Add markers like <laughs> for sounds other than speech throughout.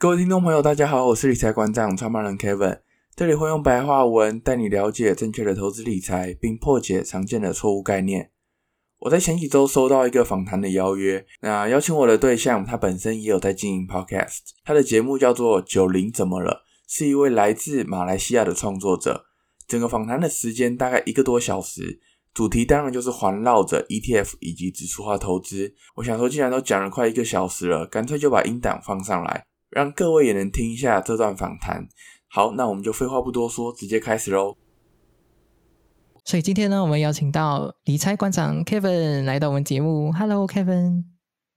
各位聽眾朋友，大家好，我是理財館長創辦人 Kevin，這裡會用白話文帶你了解正確的投資理財，並破解常見的錯誤概念。我在前幾周收到一個訪談的邀約，那邀請我的對象他本身也有在經營 Podcast，他的節目叫做《九零怎麼了》，是一位來自馬來西亞的創作者。整個訪談的時間大概一個多小時，主題當然就是環繞着 ETF 以及指數化投資。我想說，既然都講了快一個小時了，乾脆就把音檔放上來。讓各位也能聽一下這段訪談。好，那我們就廢話不多說，直接開始嘍。所以今天呢，我們邀請到理財館長 Kevin 來到我們節目。Hello，Kevin。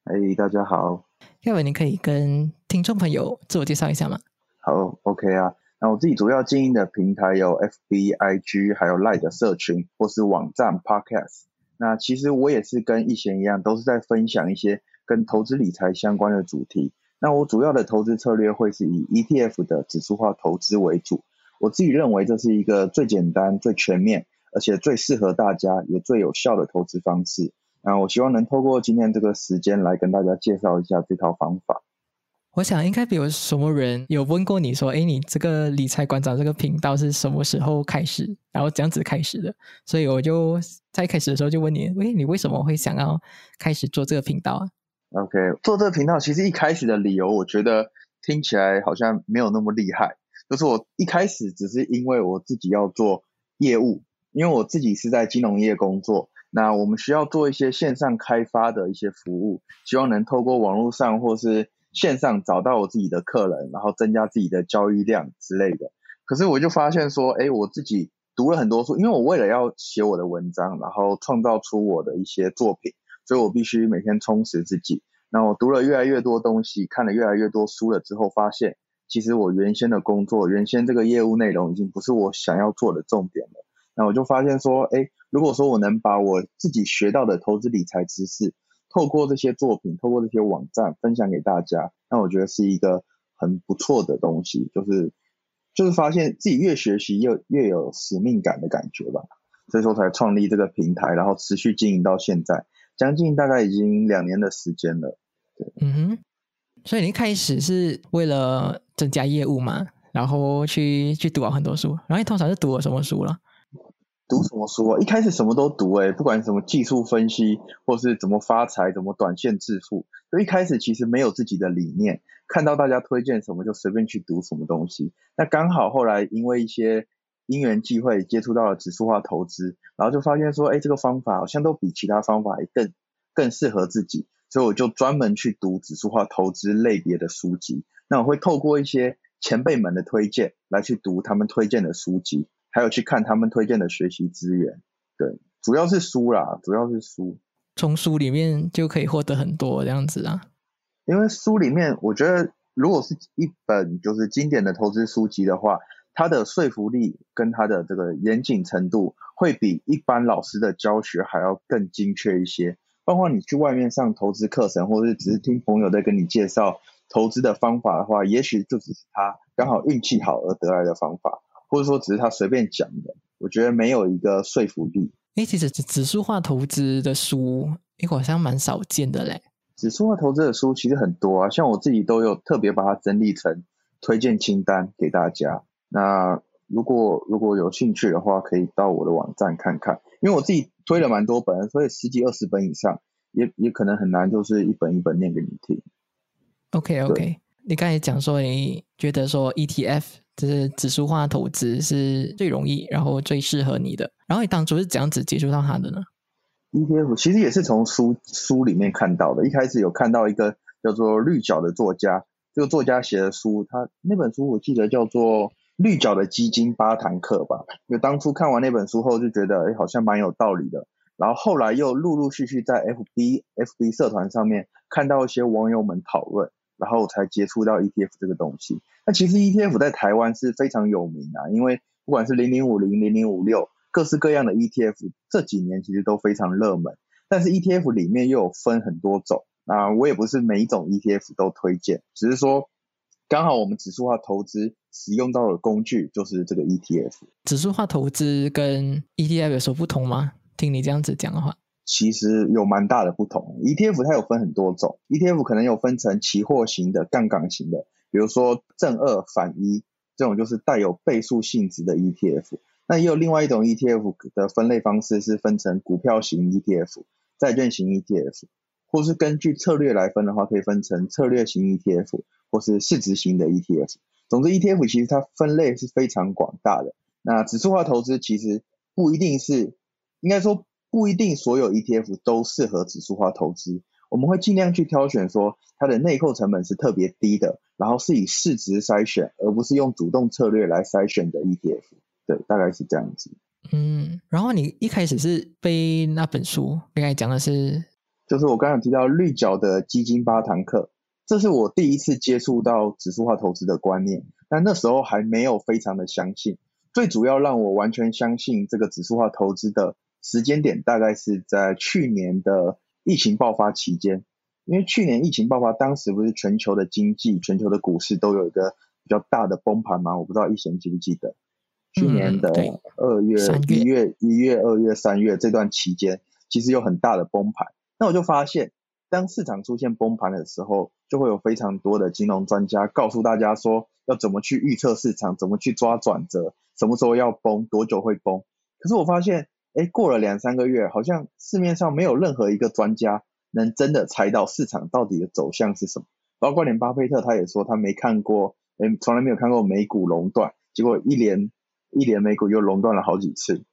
哎，hey, 大家好。Kevin，你可以跟聽眾朋友自我介紹一下嗎？好，OK 啊。那我自己主要經營的平台有 FBIG，還有 Light 社群或是網站 Podcast。那其實我也是跟以前一樣，都是在分享一些跟投資理財相關的主題。那我主要的投資策略會是以 ETF 的指數化投資為主，我自己認為這是一個最簡單、最全面，而且最適合大家也最有效的投資方式。那我希望能透過今天這個時間來跟大家介紹一下這套方法。我想應該比如什麼人有問過你說，哎、欸，你這個理財館長這個頻道是什麼時候開始，然後這樣子開始的？所以我就在開始的時候就問你，哎、欸，你為什麼會想要開始做這個頻道啊？OK，做這個頻道其實一開始的理由，我覺得聽起來好像沒有那麼厲害。就是我一開始只是因為我自己要做業務，因為我自己是在金融業工作，那我們需要做一些線上開發的一些服務，希望能透過網絡上或是線上找到我自己的客人，然後增加自己的交易量之類的。可是我就發現說，哎、欸，我自己讀了很多書，因為我為了要寫我的文章，然後創造出我的一些作品。所以我必須每天充實自己。那我讀了越來越多東西，看了越來越多書了之後，發現其實我原先的工作，原先這個業務內容已經不是我想要做的重點了。那我就發現說，哎，如果說我能把我自己學到的投資理財知識，透過這些作品，透過這些網站分享給大家，那我覺得是一個很不錯的東西。就是就是發現自己越學習，越有越有使命感的感覺吧。所以說才創立這個平台，然後持續經營到現在，將近大概已經兩年的時間了，對，嗯哼，所以你一開始是為了增加業務嘛，然後去去讀好很多書，然後你通常是讀了什麼書了？讀什麼書啊？一開始什麼都讀、欸，哎，不管什麼技術分析，或是怎麼發財，怎麼短線致富，就一開始其實沒有自己的理念，看到大家推薦什麼就隨便去讀什麼東西。那剛好後來因為一些因緣際會接觸到了指數化投資，然後就發現說，哎、欸，這個方法好像都比其他方法更更適合自己，所以我就專門去讀指數化投資類別的書籍。那我會透過一些前輩們的推薦來去讀他們推薦的書籍，還有去看他們推薦的學習資源。對，主要是書啦，主要是書。從書裡面就可以獲得很多這樣子啊，因為書裡面我覺得如果是一本就是經典的投資書籍的話。它的說服力跟它的這個嚴謹程度，會比一般老師的教學還要更精確一些。包括你去外面上投資課程，或者是只是聽朋友在跟你介紹投資的方法的話，也許就只是他剛好運氣好而得來的方法，或者說只是他隨便講的。我覺得沒有一個說服力。哎，其實指數化投資的書，哎，好像蠻少見的嘞。指數化投資的書其實很多啊，像我自己都有特別把它整理成推薦清單給大家。那如果如果有興趣的話，可以到我的網站看看，因為我自己推了蠻多本，所以十幾二十本以上，也也可能很難，就是一本一本念給你聽。OK OK，你剛才講說，你覺得說 ETF 就是指數化投資是最容易，然後最適合你的，然後你當初是怎樣子接觸到它的呢？ETF 其實也是從書書裡面看到的，一開始有看到一個叫做綠角的作家，這個作家寫的書，他那本書我記得叫做。綠角的基金八堂課吧，就當初看完那本書後就覺得、欸、好像蠻有道理的，然後後來又陸陸續續在 FB FB 社團上面看到一些網友們討論，然後才接觸到 ETF 這個東西。那其實 ETF 在台灣是非常有名啊，因為不管是零零五零、零零五六，各式各樣的 ETF 這幾年其實都非常熱門。但是 ETF 裡面又有分很多種啊，我也不是每一種 ETF 都推薦，只是說。剛好我們指數化投資使用到的工具就是這個 ETF。指數化投資跟 ETF 有什麼不同嗎？聽你這樣子講的話，其實有蠻大的不同。ETF 它有分很多種，ETF 可能有分成期貨型的、槓桿型的，比如說正二反一這種就是帶有倍數性質的 ETF。那也有另外一種 ETF 的分類方式是分成股票型 ETF、債券型 ETF，或是根據策略來分的話，可以分成策略型 ETF。或是市值型的 ETF，總之 ETF 其實它分類是非常廣大的。那指數化投資其實不一定是，應該說不一定所有 ETF 都適合指數化投資。我們會儘量去挑選說它的內扣成本是特別低的，然後是以市值篩選，而不是用主動策略來篩選的 ETF。對，大概是這樣子。嗯，然後你一開始是背那本書，應該講的是？就是我剛剛提到綠角的基金八堂課。這是我第一次接觸到指數化投資的觀念，但那時候還沒有非常的相信。最主要讓我完全相信這個指數化投資的時間點，大概是在去年的疫情爆發期間，因為去年疫情爆發，當時不是全球的經濟、全球的股市都有一個比較大的崩盤嗎？我不知道一賢記不記得，去年的二月、一月、一月、二月、三月這段期間，其實有很大的崩盤。那我就發現。當市場出現崩盤的時候，就會有非常多的金融專家告訴大家說，要怎麼去預測市場，怎麼去抓轉折，什麼時候要崩，多久會崩。可是我發現，哎，過了兩三個月，好像市面上沒有任何一個專家能真的猜到市場到底的走向是什麼。包括連巴菲特他也說，他沒看過，誒，從來沒有看過美股熔斷。結果一連一連美股又熔斷了好幾次。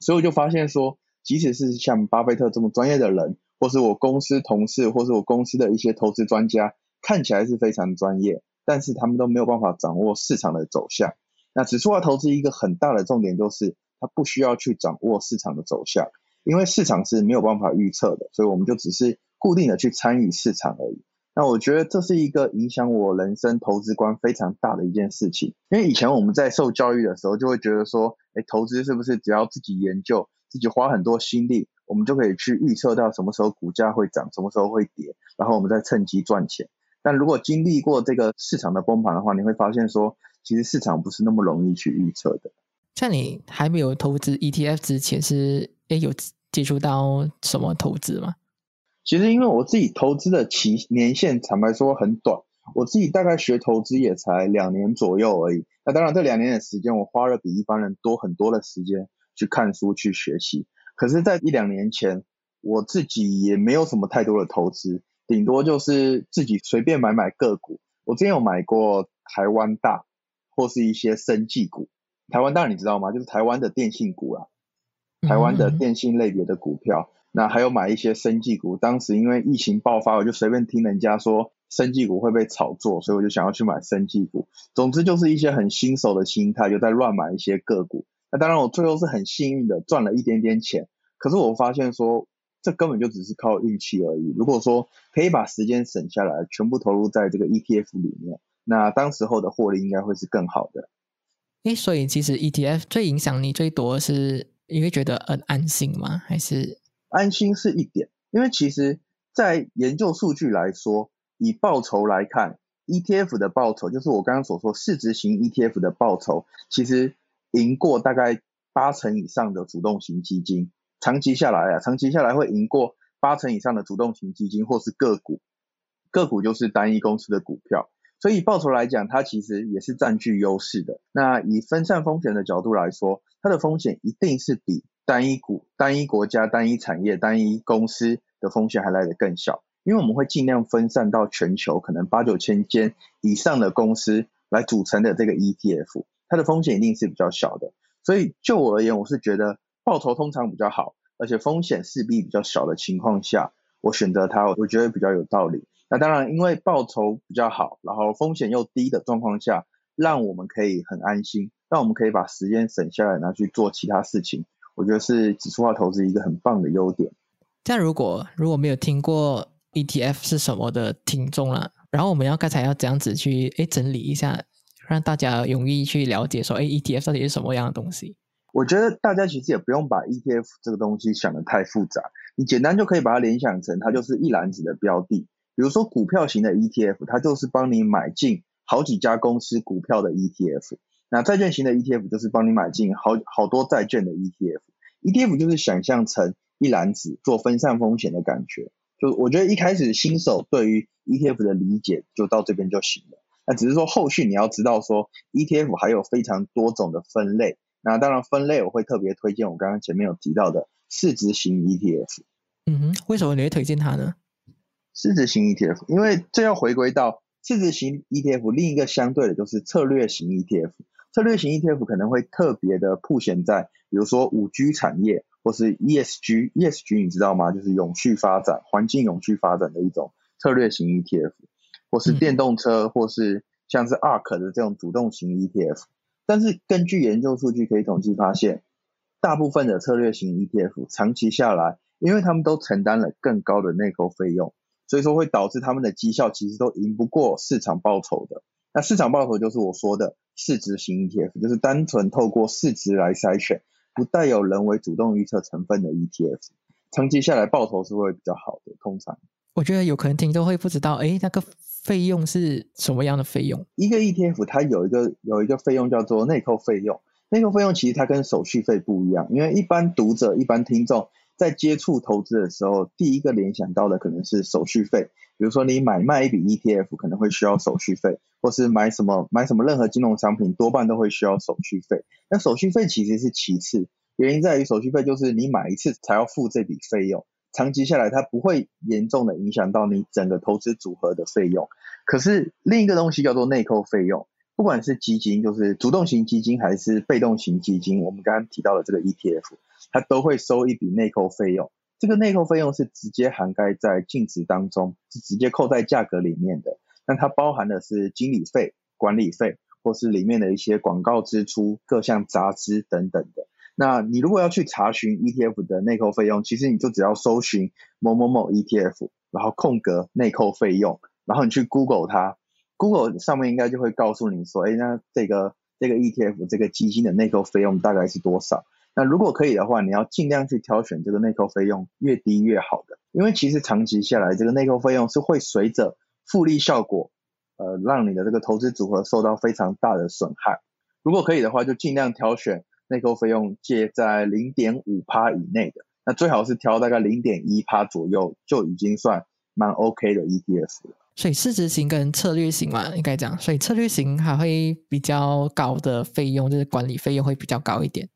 所以我就發現說，即使是像巴菲特這麼專業的人，或是我公司同事，或是我公司的一些投資專家，看起來是非常專業，但是他們都沒有辦法掌握市場的走向。那指數化投資一個很大的重點就是，它不需要去掌握市場的走向，因為市場是沒有辦法預測的，所以我們就只是固定的去參與市場而已。那我覺得這是一個影響我人生投資觀非常大的一件事情，因為以前我們在受教育的時候就會覺得說，哎、欸，投資是不是只要自己研究，自己花很多心力？我們就可以去預測到什麼時候股價會漲，什麼時候會跌，然後我們再趁機賺錢。但如果經歷過這個市場的崩盤的話，你會發現說，其實市場不是那麼容易去預測的。像你還沒有投資 ETF 之前是，是誒有接觸到什麼投資嗎？其實因為我自己投資的期年限，坦白說很短，我自己大概學投資也才兩年左右而已。那當然，這兩年的時間，我花了比一般人多很多的時間去看書去學習。可是，在一兩年前，我自己也沒有什麼太多的投資，頂多就是自己隨便買買個股。我之前有買過台灣大，或是一些生技股。台灣大你知道嗎？就是台灣的電信股啊，台灣的電信類別的股票。嗯。那還有買一些生技股，當時因為疫情爆發，我就隨便聽人家說生技股會被炒作，所以我就想要去買生技股。總之就是一些很新手的心態，就在亂買一些個股。那當然，我最後是很幸運的賺了一點點錢，可是我發現說這根本就只是靠運氣而已。如果說可以把時間省下來，全部投入在這個 ETF 裡面，那當時候的獲利應該會是更好的。誒，所以其實 ETF 最影響你最多是你會覺得很安心嗎？還是安心是一點？因為其實，在研究數據來說，以報酬來看，ETF 的報酬就是我剛剛所說市值型 ETF 的報酬，其實。贏過大概八成以上的主動型基金，長期下來啊，長期下來會贏過八成以上的主動型基金，或是個股。個股就是單一公司的股票，所以，以報酬來講，它其實也是占據優勢的。那以分散風險的角度來說，它的風險一定是比單一股、單一國家、單一產業、單一公司的風險還來得更小，因為我們會盡量分散到全球可能八九千間以上的公司來組成的這個 ETF。它的風險一定是比較小的，所以就我而言，我是覺得報酬通常比較好，而且風險勢必比較小的情況下，我選擇它，我覺得比較有道理。那當然，因為報酬比較好，然後風險又低的狀況下，讓我們可以很安心，讓我們可以把時間省下來拿去做其他事情，我覺得是指數化投資一個很棒的優點。但如果如果沒有聽過 ETF 是什麼的聽眾啦，然後我們要剛才要這樣子去誒整理一下。讓大家容易去了解，說，哎，ETF 到底是什麼樣的東西？我覺得大家其實也不用把 ETF 這個東西想得太複雜，你簡單就可以把它聯想成，它就是一籃子的標的。比如說股票型的 ETF，它就是幫你買進好幾家公司股票的 ETF；那債券型的 ETF 就是幫你買進好好多債券的 ETF。ETF 就是想象成一籃子做分散風險的感覺，就我覺得一開始新手對於 ETF 的理解就到這邊就行了。那只是說，後續你要知道說，ETF 還有非常多種的分類。那當然，分類我會特別推薦我剛剛前面有提到的市值型 ETF。嗯哼，為什麼你會推薦它呢？市值型 ETF，因為這要回歸到市值型 ETF，另一個相對的就是策略型 ETF。策略型 ETF 可能會特別的凸顯在，比如說 5G 產業，或是 ESG，ESG 你知道嗎？就是永續發展、環境永續發展的一種策略型 ETF。或是電動車，或是像是 ARK 的這種主動型 ETF，但是根據研究數據可以統計發現，大部分的策略型 ETF 長期下來，因為他們都承擔了更高的內扣費用，所以說會導致他們的績效其實都贏不過市場報酬的。那市場報酬就是我說的市值型 ETF，就是單純透過市值來篩選，不帶有人為主動預測成分的 ETF，長期下來報酬是會比較好的，通常。我覺得有可能聽眾會不知道，誒，那個費用是什麼樣的費用？一個 ETF 它有一個有一個費用叫做內扣費用，內扣費用其實它跟手續費不一樣，因為一般讀者一般聽眾在接觸投資的時候，第一個聯想到的可能是手續費，比如說你買賣一筆 ETF 可能會需要手續費，或是買什麼買什麼任何金融商品多半都會需要手續費。那手續費其實是其次，原因在於手續費就是你買一次才要付這筆費用。長期下來，它不會嚴重的影響到你整個投資組合的費用。可是另一個東西叫做內扣費用，不管是基金，就是主動型基金還是被動型基金，我們剛剛提到的這個 ETF，它都會收一筆內扣費用。這個內扣費用是直接涵蓋在淨值當中，是直接扣在價格裡面的。那它包含的是經理費、管理費，或是裡面的一些廣告支出、各項雜支等等的。那你如果要去查詢 ETF 的內扣費用，其實你就只要搜尋某某某 ETF，然後空格內扣費用，然後你去 Google 它，Google 上面應該就會告訴你說，哎、欸，那這個這個 ETF 這個基金的內扣費用大概是多少？那如果可以的話，你要盡量去挑選這個內扣費用越低越好的，因為其實長期下來，這個內扣費用是會隨着複利效果，呃，讓你的這個投資組合受到非常大的損害。如果可以的話，就盡量挑選。內扣費用介在零點五趴以內的，那最好是挑大概零點一趴左右，就已經算蠻 OK 的 ETF 了。所以市值型跟策略型嘛，應該講，所以策略型還會比較高的費用，就是管理費用會比較高一點。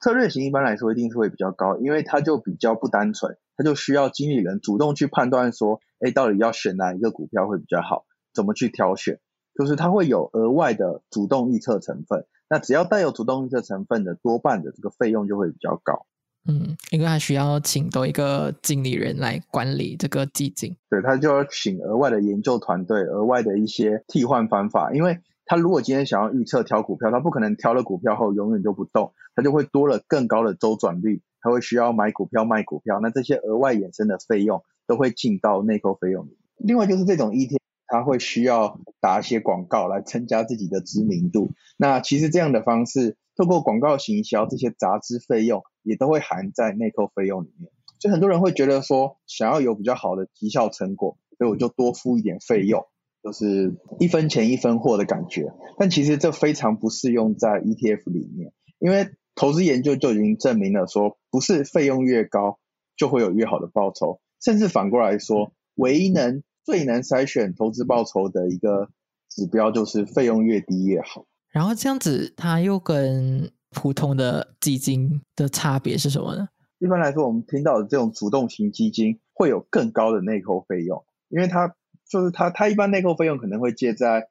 策略型一般來說一定是會比較高，因為它就比較不單純，它就需要經理人主動去判斷說，哎、欸，到底要選哪一個股票會比較好，怎麼去挑選，就是它會有額外的主動預測成分。那只要帶有主動預測成分的，多半的這個費用就會比較高。嗯，因為還需要請多一個經理人來管理這個基金。對，他就要請額外的研究團隊，額外的一些替換方法。因為他如果今天想要預測挑股票，他不可能挑了股票後永遠就不動，他就會多了更高的周轉率，他會需要買股票賣股票，那這些額外衍生的費用都會進到內扣費用裡。另外就是這種 ETF 他會需要打一些廣告來增加自己的知名度。那其實這樣的方式，透過廣告行銷，這些雜支費用也都會含在內扣費用裡面。所以很多人會覺得說，想要有比較好的績效成果，所以我就多付一點費用，就是一分錢一分貨的感覺。但其實這非常不適用在 ETF 裡面，因為投資研究就已經證明了說，不是費用越高就會有越好的報酬，甚至反過來說，唯一能最難篩選投資報酬的一個指標就是費用越低越好。然後這樣子，它又跟普通的基金的差別是什麼呢？一般來說，我們聽到的這種主動型基金會有更高的內扣費用，因為它就是它，它一般內扣費用可能會介在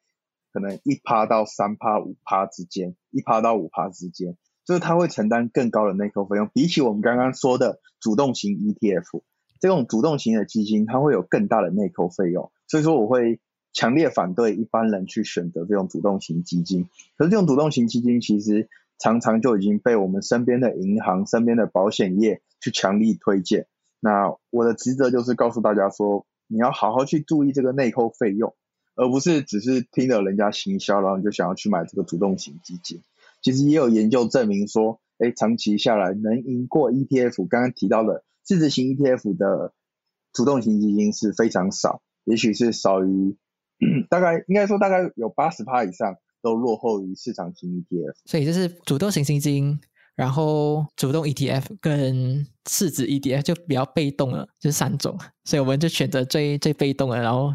可能一趴到三趴、五趴之間，一趴到五趴之間，就是它會承擔更高的內扣費用，比起我們剛剛說的主動型 ETF。這種主動型的基金，它會有更大的內扣費用，所以說我會強烈反對一般人去選擇這種主動型基金。可是這種主動型基金其實常常就已經被我們身邊的銀行、身邊的保險業去強力推薦。那我的職責就是告訴大家說，你要好好去注意這個內扣費用，而不是只是聽了人家行銷，然後你就想要去買這個主動型基金。其實也有研究證明說，哎，長期下來能贏過 ETF，剛剛提到的。市值型 ETF 的主動型基金是非常少，也許是少於、嗯，大概應該說大概有八十趴以上都落後於市場型 ETF。所以就是主動型基金，然後主動 ETF 跟市值 ETF 就比較被動了，就是三種，所以我們就選擇最最被動的。然後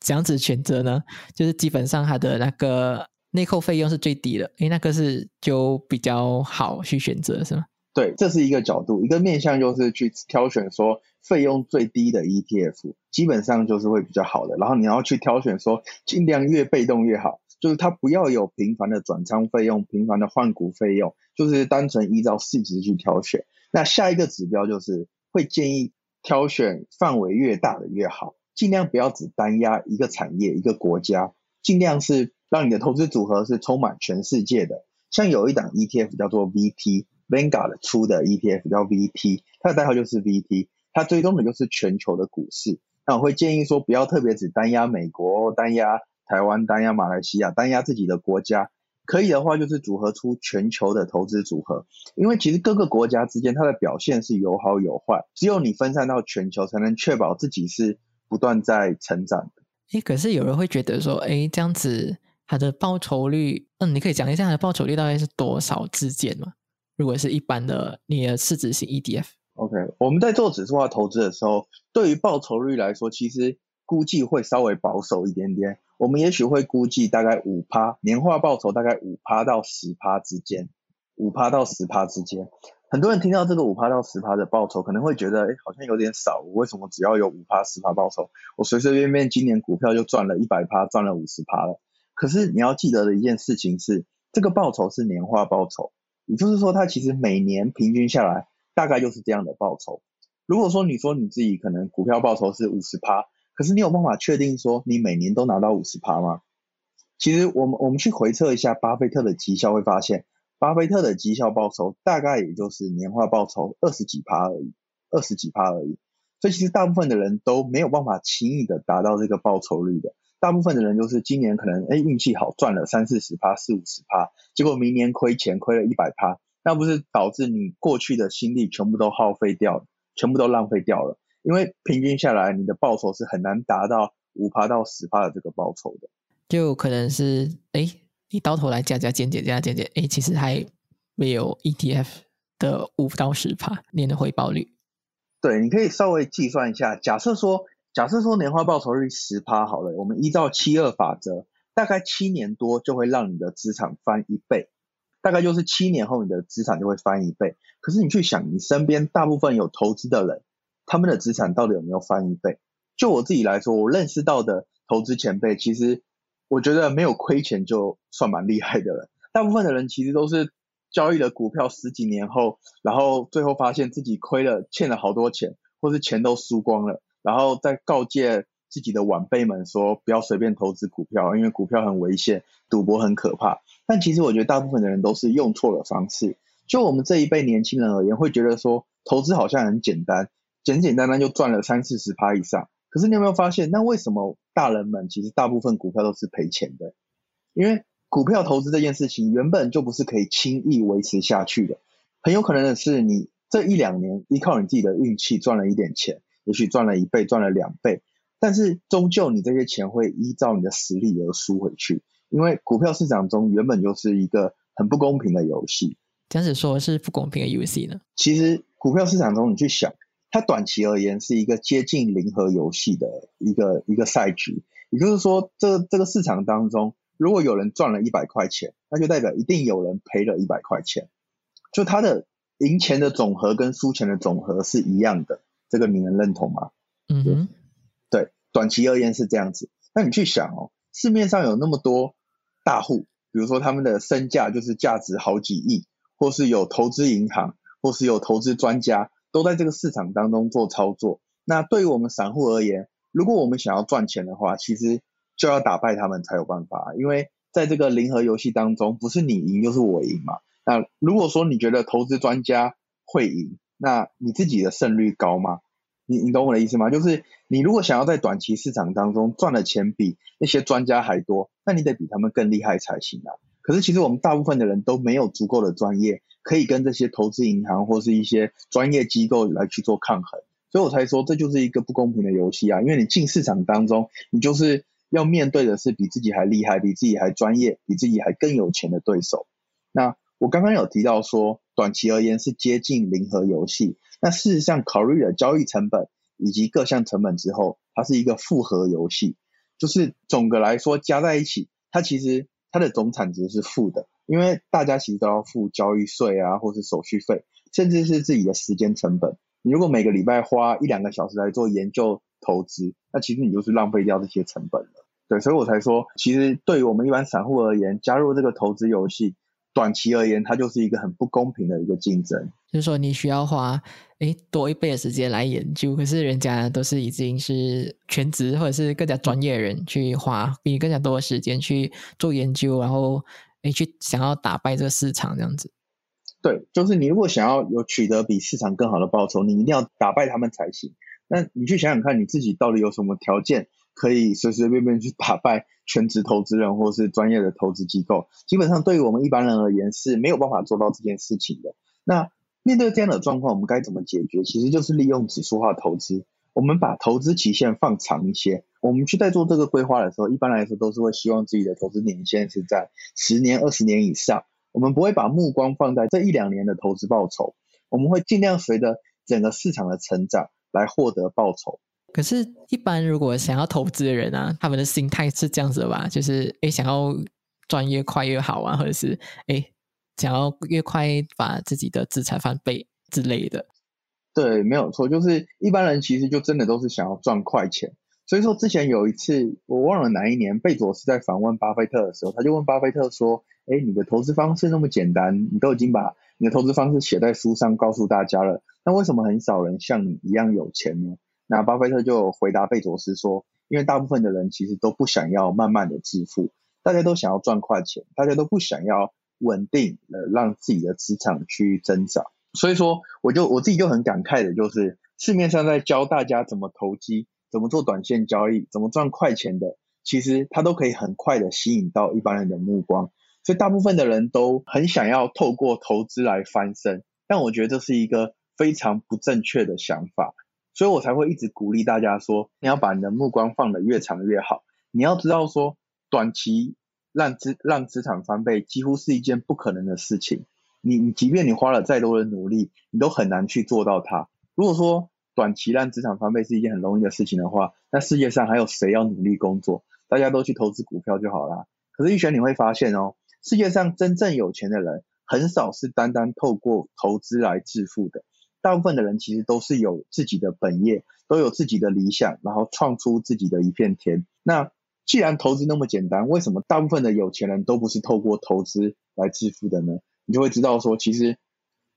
這樣子選擇呢，就是基本上它的那個內扣費用是最低的，因為那個是就比較好去選擇，是嗎？對，這是一個角度，一個面向就是去挑選說費用最低的 ETF，基本上就是會比較好的。然後你要去挑選說盡量越被動越好，就是它不要有頻繁的轉倉費用、頻繁的換股費用，就是單純依照市值去挑選。那下一個指標就是會建議挑選範圍越大的越好，盡量不要只單押一個產業、一個國家，盡量是讓你的投資組合是充滿全世界的。像有一檔 ETF 叫做 VT。Vanguard 出的 ETF 叫 VT，它的代號就是 VT，它追蹤的就是全球的股市。那我會建議說，不要特別只單押美國、單押台灣、單押馬來西亞、單押自己的國家，可以的話就是組合出全球的投資組合，因為其實各個國家之間它的表現是有好有壞，只有你分散到全球，才能確保自己是不斷在成長的、欸。可是有人會覺得說，誒、欸，這樣子它的報酬率，嗯，你可以講一下它的報酬率大概是多少之間嗎？如果是一般的你的市值型 ETF，OK，我們在做指數化投資的時候，對於報酬率來說，其實估計會稍微保守一點點。我們也許會估計大概五趴年化報酬，大概五趴到十趴之間，五趴到十趴之間。很多人聽到這個五趴到十趴的報酬，可能會覺得，哎、欸，好像有點少。我為什麼只要有五趴十趴報酬，我隨隨便便今年股票就賺了一百趴，賺了五十趴了？可是你要記得的一件事情是，這個報酬是年化報酬。也就是說，他其實每年平均下來大概就是這樣的報酬。如果說你說你自己可能股票報酬是五十趴，可是你有辦法確定說你每年都拿到五十趴嗎？其實我們我們去回測一下巴菲特的績效，會發現巴菲特的績效報酬大概也就是年化報酬二十幾趴而已，二十幾趴而已。所以其實大部分的人都沒有辦法輕易的達到這個報酬率的。大部分的人就是今年可能哎，運氣好賺了三四十趴四五十趴，結果明年虧錢虧了一百趴，那不是導致你過去的心力全部都耗費掉了，全部都浪費掉了？因為平均下來你的報酬是很難達到五趴到十趴的這個報酬的，就可能是哎，你到頭來加加減減加加減減，哎，其實還沒有 ETF 的五到十趴年的回報率。對，你可以稍微計算一下，假設說。假設說年化報酬率十趴好了，我們依照七二法則，大概七年多就會讓你的資產翻一倍，大概就是七年後你的資產就會翻一倍。可是你去想，你身邊大部分有投資的人，他們的資產到底有沒有翻一倍？就我自己來說，我認識到的投資前輩，其實我覺得沒有虧錢就算蠻厲害的了。大部分的人其實都是交易了股票十幾年後，然後最後發現自己虧了，欠了好多錢，或是錢都輸光了。然後再告誡自己的晚輩們說，不要隨便投資股票，因為股票很危險，賭博很可怕。但其實我覺得大部分的人都是用錯了方式。就我們這一輩年輕人而言，會覺得說投資好像很簡單，簡簡單單就賺了三四十趴以上。可是你有沒有發現，那為什麼大人們其實大部分股票都是賠錢的？因為股票投資這件事情原本就不是可以輕易維持下去的。很有可能的是，你這一兩年依靠你自己的運氣賺了一點錢。也許賺了一倍，賺了兩倍，但是終究你這些錢會依照你的實力而輸回去，因為股票市場中原本就是一個很不公平的遊戲。這樣子說是不公平的遊戲呢？其實股票市場中，你去想，它短期而言是一個接近零和遊戲的一個一個賽局，也就是說，這這個市場當中，如果有人賺了一百塊錢，那就代表一定有人賠了一百塊錢，就他的贏錢的總和跟輸錢的總和是一樣的。這個你能認同嗎？嗯哼，對，短期而言是這樣子。那你去想哦，市面上有那麼多大戶，比如說他們的身價就是價值好幾億，或是有投資銀行，或是有投資專家，都在這個市場當中做操作。那對於我們散戶而言，如果我們想要賺錢的話，其實就要打敗他們才有辦法啊。因為在這個零和遊戲當中，不是你贏就是我贏嘛。那如果說你覺得投資專家會贏，那你自己的勝率高嗎？你你懂我的意思嗎？就是你如果想要在短期市場當中賺的錢比那些專家還多，那你得比他們更厲害才行啊。可是其實我們大部分的人都沒有足夠的專業，可以跟這些投資銀行或是一些專業機構來去做抗衡。所以我才說這就是一個不公平的遊戲啊，因為你進市場當中，你就是要面對的是比自己還厲害、比自己還專業、比自己還更有錢的對手。那我剛剛有提到說，短期而言是接近零和遊戲，那事實上考慮了交易成本以及各項成本之後，它是一個負和遊戲，就是總的來說加在一起，它其實它的總產值是負的，因為大家其實都要付交易稅啊，或是手續費，甚至是自己的時間成本。你如果每個禮拜花一兩個小時來做研究投資，那其實你就是浪費掉這些成本了。對，所以我才說，其實對於我們一般散戶而言，加入這個投資遊戲。短期而言，它就是一個很不公平的一個競爭。就是說，你需要花誒多一倍的時間來研究，可是人家都是已經是全職或者是更加專業的人去花比你更加多的時間去做研究，然後誒去想要打敗這個市場這樣子。對，就是你如果想要有取得比市場更好的報酬，你一定要打敗他們才行。那你去想想看，你自己到底有什麼條件？可以隨隨便便去打敗全職投資人或是專業的投資機構，基本上對於我們一般人而言是沒有辦法做到這件事情的。那面對這樣的狀況，我們該怎麼解決？其實就是利用指數化投資，我們把投資期限放長一些。我們去在做這個規劃的時候，一般來說都是會希望自己的投資年限是在十年、二十年以上。我們不會把目光放在這一兩年的投資報酬，我們會儘量隨着整個市場的成長來獲得報酬。可是，一般如果想要投資的人啊，他們的心態是這樣子的吧？就是，欸，想要賺越快越好啊，或者是，欸，想要越快把自己的資產翻倍之類的。對，沒有錯，就是一般人其實就真的都是想要賺快錢。所以說，之前有一次我忘了哪一年，貝佐斯在訪問巴菲特的時候，他就問巴菲特說：“欸，你的投資方式那麼簡單，你都已經把你的投資方式寫在書上告訴大家了，那為什麼很少人像你一樣有錢呢？”那巴菲特就回答貝佐斯說：“因為大部分的人其實都不想要慢慢的致富，大家都想要賺快錢，大家都不想要穩定，呃，讓自己的資產去增長。所以說，我就我自己就很感慨的，就是市面上在教大家怎麼投機，怎麼做短線交易，怎麼賺快錢的，其實它都可以很快的吸引到一般人的目光。所以大部分的人都很想要透過投資來翻身，但我覺得這是一個非常不正確的想法。”所以，我才會一直鼓勵大家說，你要把你的目光放得越長越好。你要知道說，說短期讓資讓資產翻倍，幾乎是一件不可能的事情。你你，即便你花了再多的努力，你都很難去做到它。如果說短期讓資產翻倍是一件很容易的事情的話，那世界上還有誰要努力工作？大家都去投資股票就好啦。可是玉璇，你會發現哦，世界上真正有錢的人，很少是單單透過投資來致富的。大部分的人其實都是有自己的本業，都有自己的理想，然後創出自己的一片天。那既然投資那麼簡單，為什麼大部分的有錢人都不是透過投資來致富的呢？你就會知道說，其實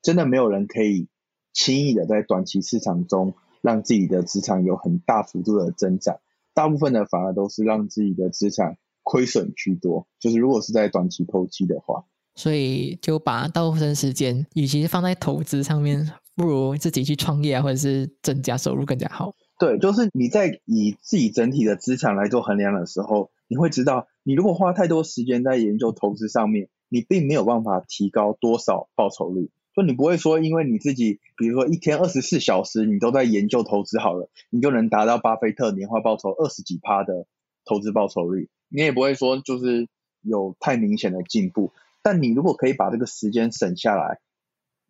真的沒有人可以輕易的在短期市場中讓自己的資產有很大幅度的增長。大部分的反而都是讓自己的資產虧損居多，就是如果是在短期投機的話。所以就把大部分時間，與其放在投資上面，不如自己去創業啊，或者是增加收入更加好。對，就是你在以自己整體的資產來做衡量的時候，你會知道，你如果花太多時間在研究投資上面，你並沒有辦法提高多少報酬率。就你不會說，因為你自己，比如說一天二十四小時你都在研究投資好了，你就能達到巴菲特年化報酬二十幾趴的投資報酬率。你也不會說就是有太明顯的進步。但你如果可以把這個時間省下來，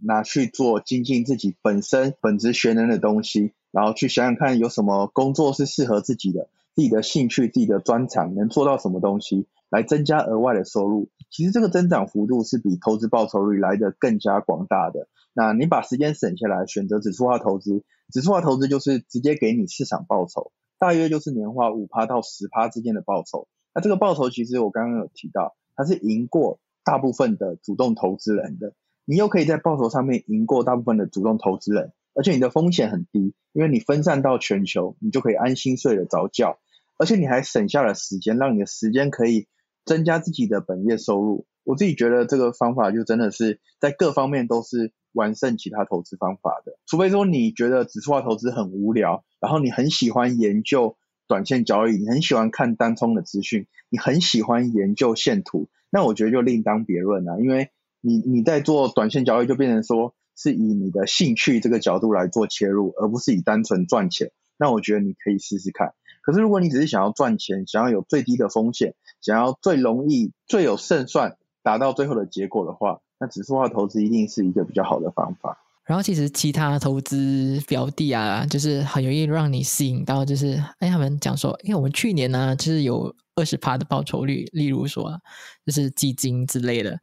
拿去做精進自己本身本職學能的東西，然後去想想看有什麼工作是適合自己的，自己的興趣、自己的專長能做到什麼東西，來增加額外的收入。其實這個增長幅度是比投資報酬率來得更加廣大的。那你把時間省下來，選擇指數化投資，指數化投資就是直接給你市場報酬，大約就是年化五趴到十趴之間的報酬。那這個報酬其實我剛剛有提到，它是贏過。大部分的主動投資人的，的你又可以在報酬上面贏過大部分的主動投資人，而且你的風險很低，因為你分散到全球，你就可以安心睡得着覺，而且你還省下了時間，讓你的時間可以增加自己的本業收入。我自己覺得這個方法就真的是在各方面都是完勝其他投資方法的，除非說你覺得指數化投資很無聊，然後你很喜歡研究。短線交易，你很喜歡看當沖的資訊，你很喜歡研究線圖，那我覺得就另當別論了，因為你你在做短線交易就變成說是以你的興趣這個角度來做切入，而不是以單純賺錢。那我覺得你可以試試看。可是如果你只是想要賺錢，想要有最低的風險，想要最容易、最有勝算達到最後的結果的話，那指數化投資一定是一個比較好的方法。然後其實其他投資標的啊，就是很容易讓你吸引到，就是哎，他們講說，哎，我們去年呢、啊，就是有二十趴的報酬率，例如說就是基金之類的，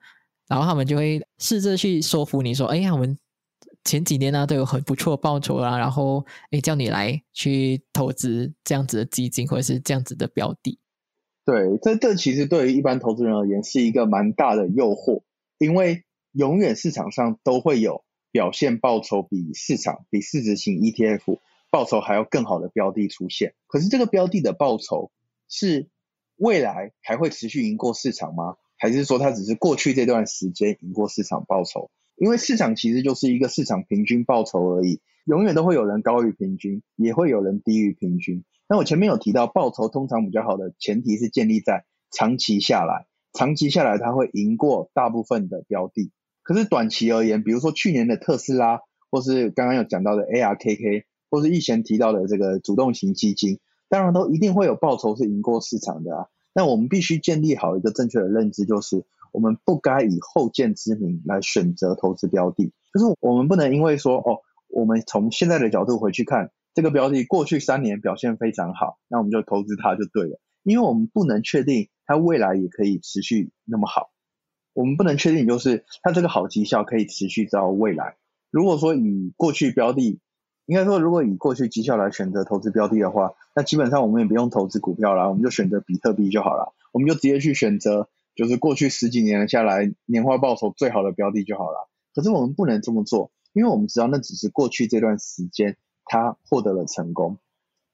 然後他們就會試着去說服你說，哎，我們前幾年呢、啊、都有很不錯報酬啦、啊，然後哎叫你來去投資這樣子的基金或者是這樣子的標的。對，這這其實對於一般投資人而言是一個蠻大的誘惑，因為永遠市場上都會有。表現報酬比市場、比市值型 ETF 報酬還要更好的標的出現，可是這個標的的報酬是未來還會持續贏過市場嗎？還是說它只是過去這段時間贏過市場報酬？因為市場其實就是一個市場平均報酬而已，永遠都會有人高於平均，也會有人低於平均。那我前面有提到，報酬通常比較好的前提是建立在長期下來，長期下來它會贏過大部分的標的。可是短期而言，比如說去年的特斯拉，或是剛剛有講到的 ARKK，或是以前提到的這個主動型基金，當然都一定會有報酬是贏過市場的啊。那我們必須建立好一個正確的認知，就是我們不該以後見之明來選擇投資標的。可是我們不能因為說哦，我們從現在的角度回去看，這個標的過去三年表現非常好，那我們就投資它就對了，因為我們不能確定它未來也可以持續那麼好。我們不能確定，就是它這個好績效可以持續到未來。如果說以過去標的，應該說如果以過去績效來選擇投資標的的話，那基本上我們也不用投資股票啦，我們就選擇比特幣就好了。我們就直接去選擇，就是過去十幾年下來年化報酬最好的標的就好了。可是我們不能這麼做，因為我們知道那只是過去這段時間它獲得了成功。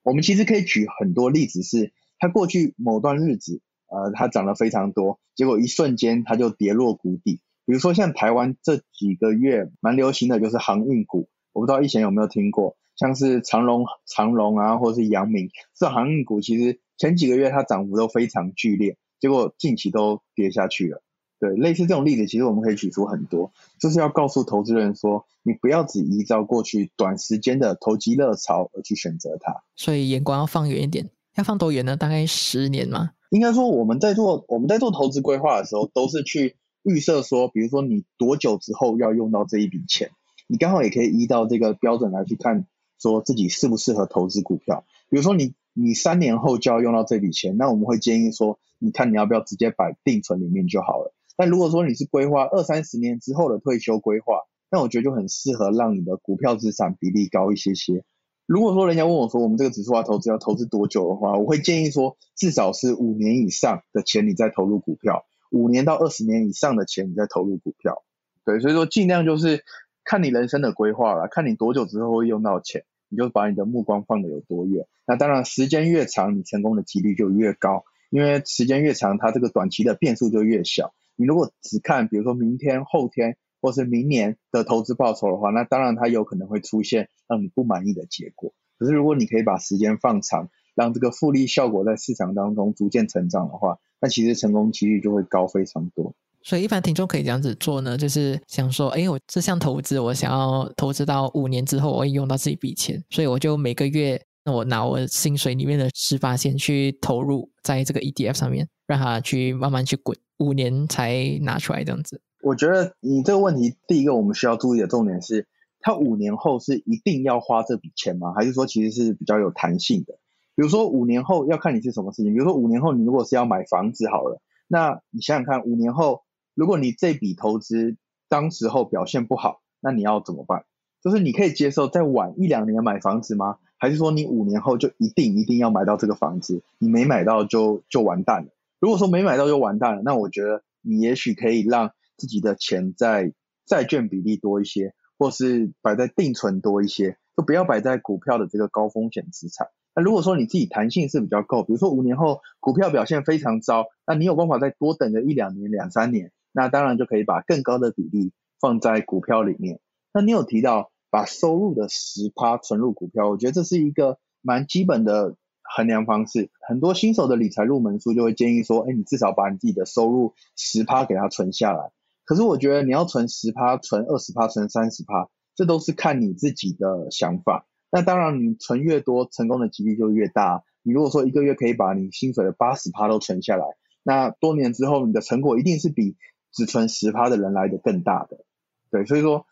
我們其實可以舉很多例子，是它過去某段日子。呃，它漲得非常多，結果一瞬間它就跌落谷底。比如說，像台灣這幾個月蠻流行的就是航運股，我不知道以前有沒有聽過，像是長榮、長榮啊，或者是陽明這航運股，其實前幾個月它漲幅都非常劇烈，結果近期都跌下去了。對，類似這種例子，其實我們可以舉出很多，就是要告訴投資人說，你不要只依照過去短時間的投機熱潮而去選擇它，所以眼光要放遠一點。要放多遠呢？大概十年嗎？應該說我們在做我們在做投資規劃的時候，都是去預設說，比如說你多久之後要用到這一筆錢，你剛好也可以依照這個標準來去看說自己適不適合投資股票。比如說你你三年後就要用到這筆錢，那我們會建議說，你看你要不要直接擺定存裡面就好了。但如果說你是規劃二三十年之後的退休規劃，那我覺得就很適合讓你的股票資產比例高一些些。如果說人家問我說，我們這個指數化投資要投資多久的話，我會建議說，至少是五年以上的錢你再投入股票，五年到二十年以上的錢你再投入股票。對，所以說盡量就是看你人生的規劃啦，看你多久之後會用到錢，你就把你的目光放得有多遠。那當然時間越長，你成功的幾率就越高，因為時間越長，它這個短期的變數就越小。你如果只看，比如說明天、後天。或是明年的投資報酬的話，那當然它有可能會出現讓你不滿意的結果。可是如果你可以把時間放長，讓這個複利效果在市場當中逐漸成長的話，那其實成功幾率就會高非常多。所以一般聽眾可以這樣子做呢，就是想說，哎、欸，我這項投資我想要投資到五年之後，我會用到這一筆錢，所以我就每個月，那我拿我薪水裡面的十八千去投入在這個 ETF 上面，讓它去慢慢去滾，五年才拿出來這樣子。我覺得你這個問題，第一個我們需要注意的重點是，他五年後是一定要花這筆錢嗎？還是說其實是比較有彈性的？比如說五年後要看你是什麼事情。比如說五年後你如果是要買房子好了，那你想想看，五年後如果你這筆投資當時候表現不好，那你要怎麼辦？就是你可以接受再晚一兩年買房子嗎？還是說你五年後就一定一定要買到這個房子？你沒買到就就完蛋了。如果說沒買到就完蛋了，那我覺得你也許可以讓。自己的錢在債券比例多一些，或是擺在定存多一些，就不要擺在股票的這個高風險資產。那如果說你自己彈性是比較夠，比如說五年後股票表現非常糟，那你有辦法再多等個一兩年、兩三年，那當然就可以把更高的比例放在股票裡面。那你有提到把收入的十趴存入股票，我覺得這是一個蠻基本的衡量方式。很多新手的理財入門書就會建議說，哎，你至少把你自己的收入十趴給它存下來。可是我覺得你要存十趴、存二十趴、存三十趴，這都是看你自己的想法。那當然，你存越多，成功的幾率就越大。你如果說一個月可以把你薪水的八十趴都存下來，那多年之後你的成果一定是比只存十趴的人來的更大的。對，所以說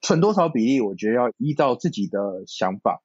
存多少比例，我覺得要依照自己的想法。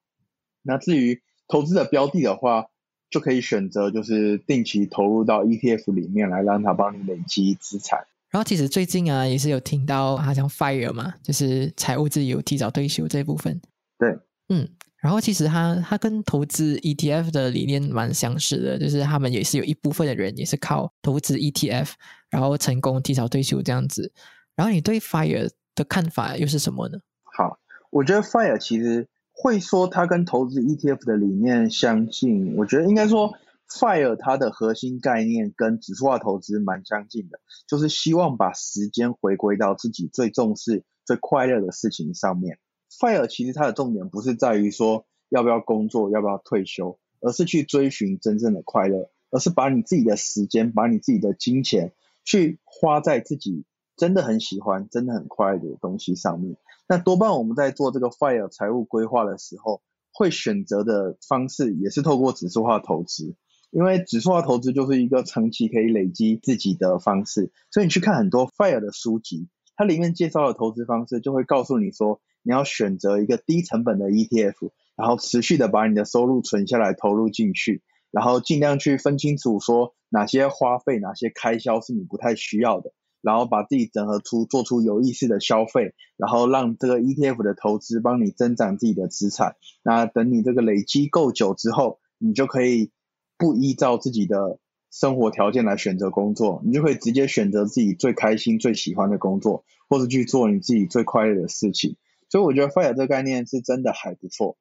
那至於投資的標的的話，就可以選擇就是定期投入到 ETF 裡面來，讓它幫你累積資產。然後其實最近啊，也是有聽到，好像 Fire 嘛，就是財務自由提早退休這一部分。對，嗯，然後其實他他跟投資 ETF 的理念蠻相似的，就是他們也是有一部分的人也是靠投資 ETF，然後成功提早退休這樣子。然後你對 Fire 的看法又是什麼呢？好，我覺得 Fire 其實會說他跟投資 ETF 的理念相近，我覺得應該說。Fire 它的核心概念跟指數化投資蠻相近的，就是希望把時間回歸到自己最重視、最快樂的事情上面。Fire 其實它的重點不是在於說要不要工作、要不要退休，而是去追尋真正的快樂，而是把你自己的時間、把你自己的金錢去花在自己真的很喜歡、真的很快樂的東西上面。那多半我們在做這個 Fire 財務規劃的時候，會選擇的方式也是透過指數化投資。因為指數化投資就是一個長期可以累積自己的方式，所以你去看很多 FIRE 的書籍，它裡面介紹的投資方式就會告訴你說，你要選擇一個低成本的 ETF，然後持續的把你的收入存下來投入進去，然後盡量去分清楚說哪些花費、哪些開銷是你不太需要的，然後把自己整合出做出有意識的消費，然後讓這個 ETF 的投資幫你增長自己的資產。那等你這個累積夠久之後，你就可以。不依照自己的生活條件來選擇工作，你就可以直接選擇自己最開心、最喜歡的工作，或者去做你自己最快樂的事情。所以我覺得 FIRE 這個概念是真的還不錯，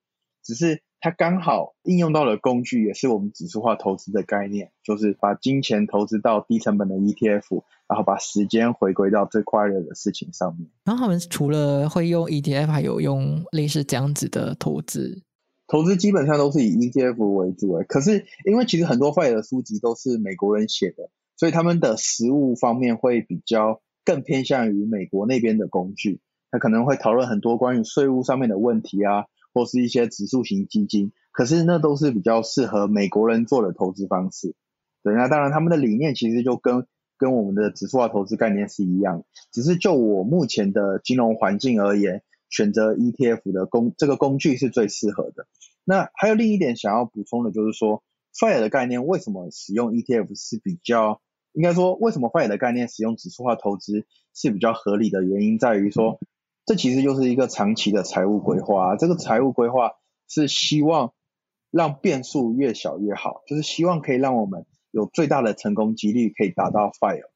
只是它剛好應用到的工具，也是我們指數化投資的概念，就是把金錢投資到低成本的 ETF，然後把時間回歸到最快樂的事情上面。然後他們除了會用 ETF，還有用類似這樣子的投資。投資基本上都是以 ETF 為主誒，可是因為其實很多翻譯的書籍都是美國人寫的，所以他們的實務方面會比較更偏向於美國那邊的工具。他可能會討論很多關於稅務上面的問題啊，或是一些指數型基金。可是那都是比較適合美國人做的投資方式。對，那當然他們的理念其實就跟跟我們的指數化投資概念是一樣，只是就我目前的金融環境而言。選擇 ETF 的工，這個工具是最適合的。那還有另一點想要補充的，就是說 fire 的概念為什麼使用 ETF 是比較應該說，為什麼 fire 的概念使用指數化投資是比較合理的原因，在於說這其實就是一個長期的財務規劃。這個財務規劃是希望讓變數越小越好，就是希望可以讓我們有最大的成功幾率可以達到 fire。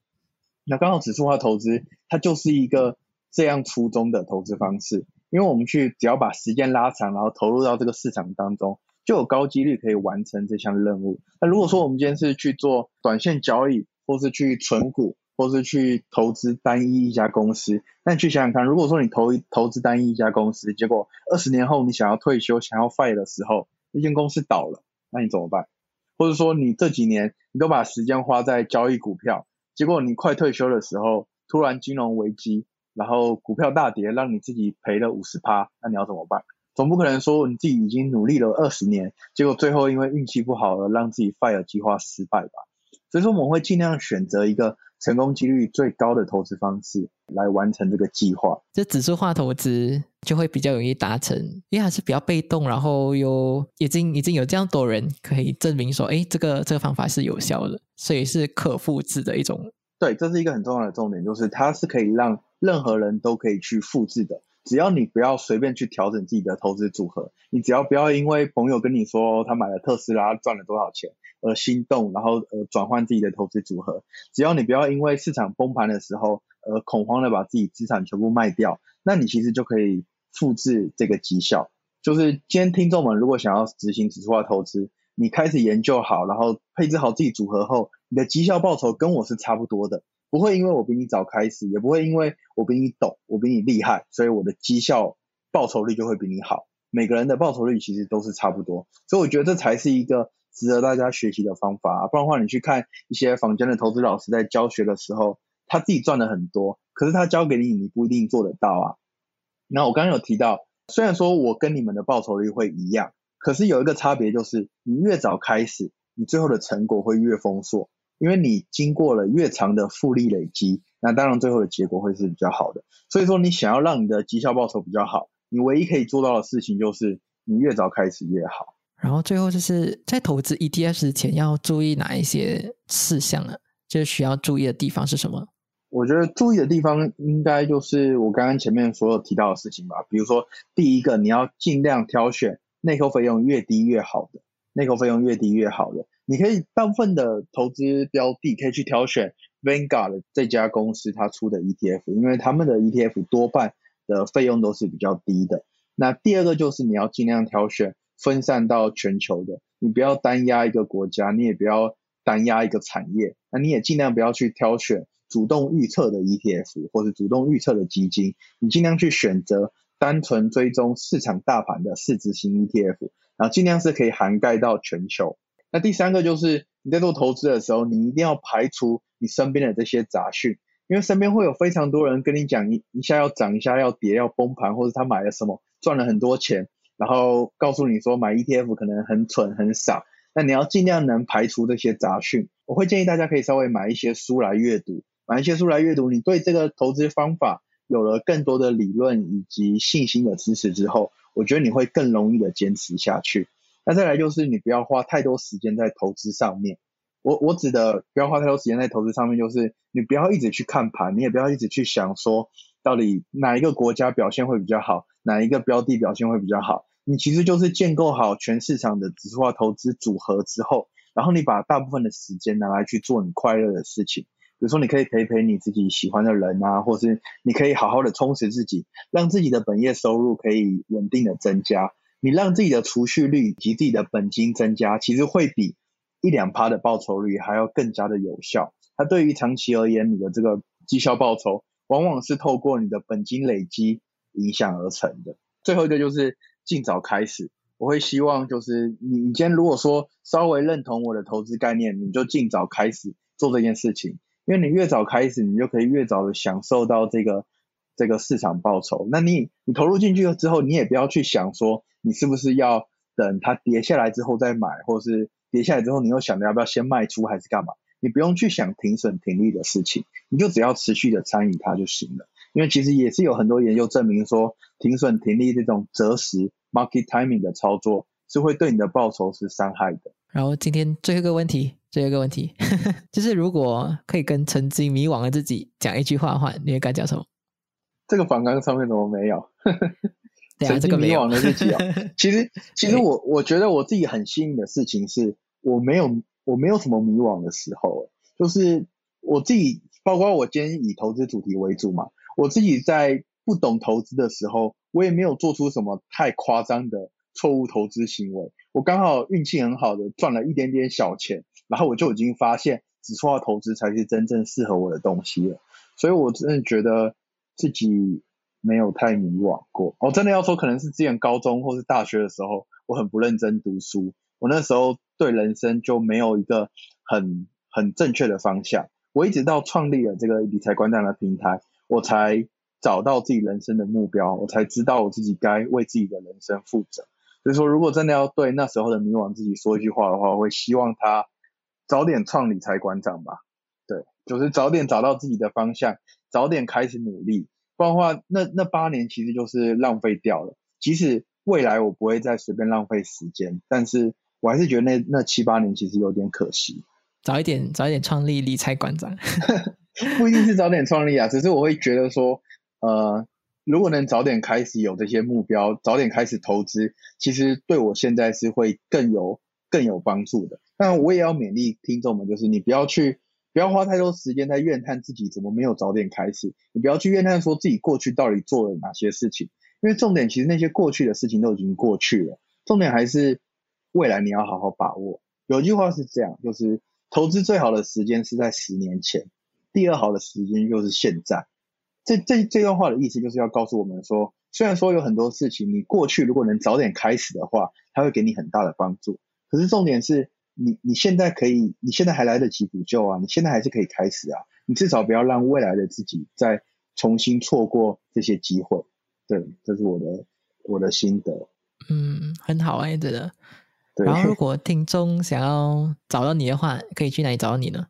那剛好指數化投資它就是一個。這樣初衷的投資方式，因為我們去只要把時間拉長，然後投入到這個市場當中，就有高幾率可以完成這項任務。那如果說我們今天是去做短線交易，或是去存股，或是去投資單一一家公司，那你去想想看，如果說你投一投資單一一家公司，結果二十年後你想要退休想要 Fire 的時候，那間公司倒了，那你怎麼辦？或者說你這幾年你都把時間花在交易股票，結果你快退休的時候，突然金融危機。然後股票大跌，讓你自己賠了五十趴，那你要怎麼辦？總不可能說你自己已經努力了二十年，結果最後因為運氣不好而讓自己 fire 計劃失敗吧？所以說我們會盡量選擇一個成功幾率最高的投資方式來完成這個計劃。這指數化投資就會比較容易達成，因為還是比較被動，然後有，已經已經有這樣多人可以證明說，哎，這個這個方法是有效的，所以是可複製的一種。對，這是一個很重要的重點，就是它是可以讓任何人都可以去複製的，只要你不要隨便去調整自己的投資組合，你只要不要因為朋友跟你說他買了特斯拉賺了多少錢而心動，然後呃轉換自己的投資組合，只要你不要因為市場崩盤的時候呃恐慌的把自己資產全部賣掉，那你其實就可以複製這個績效。就是今天聽眾們如果想要執行指數化投資，你開始研究好，然後配置好自己組合後。你的績效報酬跟我是差不多的，不會因為我比你早開始，也不會因為我比你懂，我比你厲害，所以我的績效報酬率就會比你好。每個人的報酬率其實都是差不多，所以我覺得這才是一個值得大家學習的方法啊。不然的話，你去看一些坊間的投資老師在教學的時候，他自己賺了很多，可是他教給你，你不一定做得到啊。那我剛剛有提到，雖然說我跟你們的報酬率會一樣，可是有一個差別就是，你越早開始，你最後的成果會越豐碩。因為你經過了越長的複利累積，那當然最後的結果會是比較好的。所以說，你想要讓你的績效報酬比較好，你唯一可以做到的事情就是你越早開始越好。然後最後就是在投資 ETF 之前要注意哪一些事項呢、啊？就是需要注意的地方是什麼？我覺得注意的地方應該就是我剛剛前面所有提到的事情吧。比如說，第一個你要盡量挑選內扣費用越低越好的，內扣費用越低越好的。你可以大部分的投資標的可以去挑選 Vanguard 這家公司它出的 ETF，因為他們的 ETF 多半的費用都是比較低的。那第二個就是你要盡量挑選分散到全球的，你不要單壓一個國家，你也不要單壓一個產業。那你也盡量不要去挑選主動預測的 ETF 或者主動預測的基金，你盡量去選擇單純追蹤市場大盤的市值型 ETF，然後盡量是可以涵蓋到全球。那第三個就是你在做投資的時候，你一定要排除你身邊的這些雜訊，因為身邊會有非常多人跟你講一一下要漲，一下要跌，要崩盤，或者他買了什麼賺了很多錢，然後告訴你說買 ETF 可能很蠢很傻。那你要儘量能排除這些雜訊。我會建議大家可以稍微買一些書來閱讀，買一些書來閱讀，你對這個投資方法有了更多的理論以及信心的支持之後，我覺得你會更容易的堅持下去。那再來就是你不要花太多時間在投資上面。我，我我指的不要花太多時間在投資上面，就是你不要一直去看盤，你也不要一直去想說到底哪一個國家表現會比較好，哪一個標的表現會比較好。你其實就是建構好全市場的指數化投資組合之後，然後你把大部分的時間拿來去做你快樂的事情，比如說你可以陪陪你自己喜歡的人啊，或是你可以好好的充實自己，讓自己的本業收入可以穩定的增加。你讓自己的儲蓄率以及自己的本金增加，其實會比一兩趴的報酬率還要更加的有效。它對於長期而言，你的這個績效報酬往往是透過你的本金累積影響而成的。最後一個就是盡早開始，我會希望就是你，你今天如果說稍微認同我的投資概念，你就盡早開始做這件事情，因為你越早開始，你就可以越早的享受到這個。這個市場報酬，那你你投入進去了之後，你也不要去想說你是不是要等它跌下來之後再買，或者是跌下來之後你又想着要不要先賣出還是幹嘛，你不用去想停損停利的事情，你就只要持續的參與它就行了。因為其實也是有很多研究證明說，停損停利這種擇時 market timing 的操作是會對你的報酬是傷害的。然後今天最後一個問題，最後一個問題呵呵就是，如果可以跟曾經迷惘的自己講一句話的話，你會講什麼？這個訪綱上面怎麼沒有？ <laughs> 哦、對啊，這個迷惘的日子其實，其實我我覺得我自己很幸運的事情是，我沒有我沒有什麼迷惘的時候。就是我自己，包括我今天以投資主題為主嘛，我自己在不懂投資的時候，我也沒有做出什麼太誇張的錯誤投資行為。我剛好運氣很好的賺了一點點小錢，然後我就已經發現指數化投資才是真正適合我的東西了。所以我真的覺得。自己沒有太迷惘過，我、oh, 真的要說，可能是之前高中或是大學的時候，我很不認真讀書，我那時候對人生就沒有一個很很正確的方向。我一直到創立了這個理財館長的平台，我才找到自己人生的目標，我才知道我自己該為自己的人生負責。所以說，如果真的要對那時候的迷惘自己說一句話的話，我會希望他早點創理財館長吧。對，就是早點找到自己的方向。早點開始努力，不然的話，那那八年其實就是浪費掉了。即使未來我不會再隨便浪費時間，但是我還是覺得那那七八年其實有點可惜。早一點早一點創立理財館長， <laughs> <laughs> 不一定是早點創立啊，只是我會覺得說，呃，如果能早點開始有這些目標，早點開始投資，其實對我現在是會更有更有幫助的。但我也要勉勵聽眾們，就是你不要去。不要花太多時間在怨嘆自己怎麼沒有早點開始，你不要去怨嘆說自己過去到底做了哪些事情，因為重點其實那些過去的事情都已經過去了，重點還是未來你要好好把握。有一句話是這樣，就是投資最好的時間是在十年前，第二好的時間就是現在。這這這段話的意思就是要告訴我們說，雖然說有很多事情你過去如果能早點開始的話，它會給你很大的幫助，可是重點是。你你現在可以，你現在還來得及補救啊！你現在還是可以開始啊！你至少不要讓未來的自己再重新錯過這些機會。對，這是我的我的心得。嗯，很好啊、欸，對的。對，然後，如果聽眾想要找到你的話，可以去哪裡找你呢？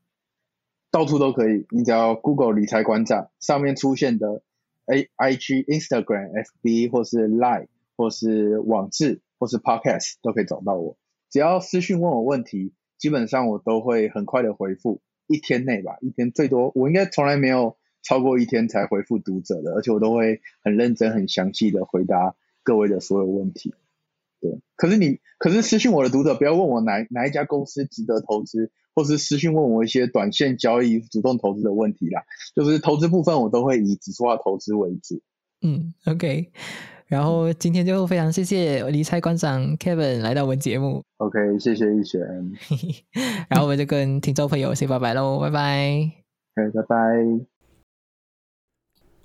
到處都可以，你只要 Google 理財館長上面出現的 AIG Instagram FB 或是 Line 或是網誌或是 Podcast 都可以找到我。只要私訊問我問題，基本上我都會很快的回復，一天內吧，一天最多，我應該從來沒有超過一天才回復讀者的，而且我都會很認真、很詳細的回答各位的所有問題。對，可是你，可是私訊我的讀者不要問我哪哪一家公司值得投資，或是私訊問我一些短線交易、主動投資的問題啦，就是投資部分我都會以指數化投資為主。嗯，OK。然後今天就非常謝謝理財官長 Kevin 來到我們節目。OK，謝謝一賢。 <laughs> 然後我們就跟聽眾朋友說拜拜嘍，拜拜。OK，拜拜。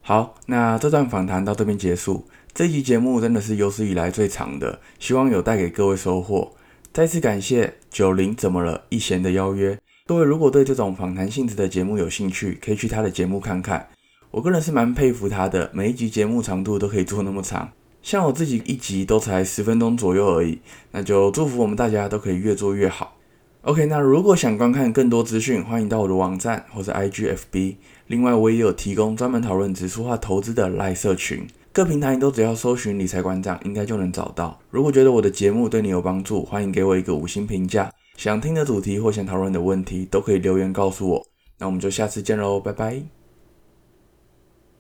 好，那這段訪談到這邊結束。這期節目真的是有史以來最長的，希望有帶給各位收穫。再次感謝九零怎麼了一賢的邀約。各位如果對這種訪談性質的節目有興趣，可以去他的節目看看。我個人是蠻佩服他的，每一集節目長度都可以做那麼長，像我自己一集都才十分鐘左右而已。那就祝福我們大家都可以越做越好。OK，那如果想觀看更多資訊，歡迎到我的網站或者 IGFB。另外，我也有提供專門討論指數化投資的賴社群，各平台都只要搜尋理財館長，應該就能找到。如果覺得我的節目對你有幫助，歡迎給我一個五星評價。想聽的主題或想討論的問題，都可以留言告訴我。那我們就下次見嘍，拜拜。